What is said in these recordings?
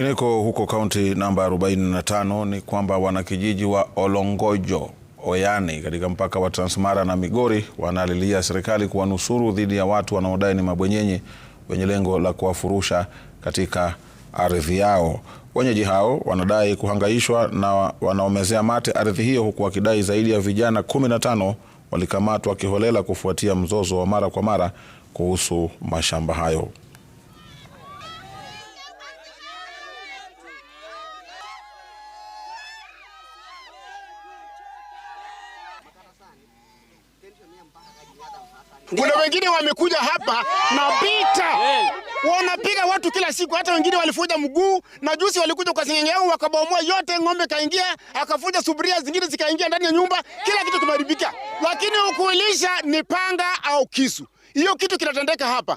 Ineko huko kaunti namba 45 ni kwamba wanakijiji wa Olongojo Oyani katika mpaka wa Transmara na Migori wanalilia serikali kuwanusuru dhidi ya watu wanaodai ni mabwenyenye wenye lengo la kuwafurusha katika ardhi yao. Wenyeji hao wanadai kuhangaishwa na wanaomezea mate ardhi hiyo huku wakidai zaidi ya vijana 15 walikamatwa kiholela kufuatia mzozo wa mara kwa mara kuhusu mashamba hayo. Kuna wengine wamekuja hapa na vita wanapiga watu kila siku, hata wengine walifuja mguu, na juzi walikuja kwa sengenge yao wakabomoa yote, ng'ombe kaingia, akafuja suburia zingine zikaingia ndani ya nyumba, kila kitu kimeharibika. Lakini ukuulisha ni panga au kisu hiyo kitu kinatendeka hapa.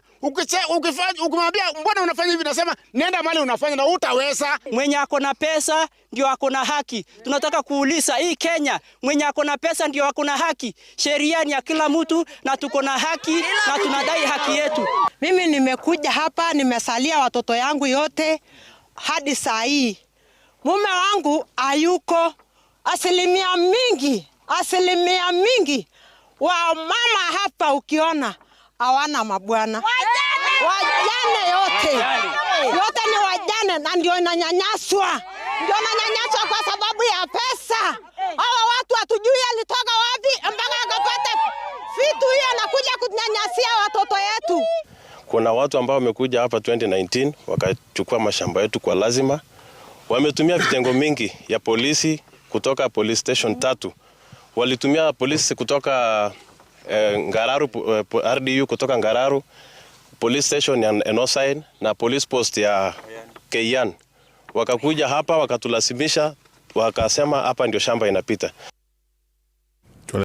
Ukimwambia mbona unafanya hivi, nasema nenda mali unafanya na utaweza. Mwenye ako na pesa ndio ako na haki. Tunataka kuuliza hii Kenya, mwenye ako na pesa ndio ako na haki. Sheria ni ya kila mtu na tuko na haki na tunadai haki yetu. Mimi nimekuja hapa, nimesalia watoto yangu yote hadi saa hii, mume wangu hayuko. Asilimia mingi, asilimia mingi wa mama hapa ukiona hawana mabwana, wajane yote yote ni wajane, na ndio inanyanyaswa, ndio inanyanyaswa kwa sababu ya pesa. Hawa watu hatujui alitoka wapi mpaka akapata vitu hiyo, anakuja kunyanyasia watoto yetu. Kuna watu ambao wamekuja hapa 2019 wakachukua mashamba yetu kwa lazima, wametumia vitengo mingi ya polisi kutoka police station tatu, walitumia polisi kutoka eh, Ngararu uh, eh, RDU kutoka Ngararu police station ya Enosain na police post ya Keian wakakuja hapa wakatulazimisha, wakasema hapa ndio shamba inapita.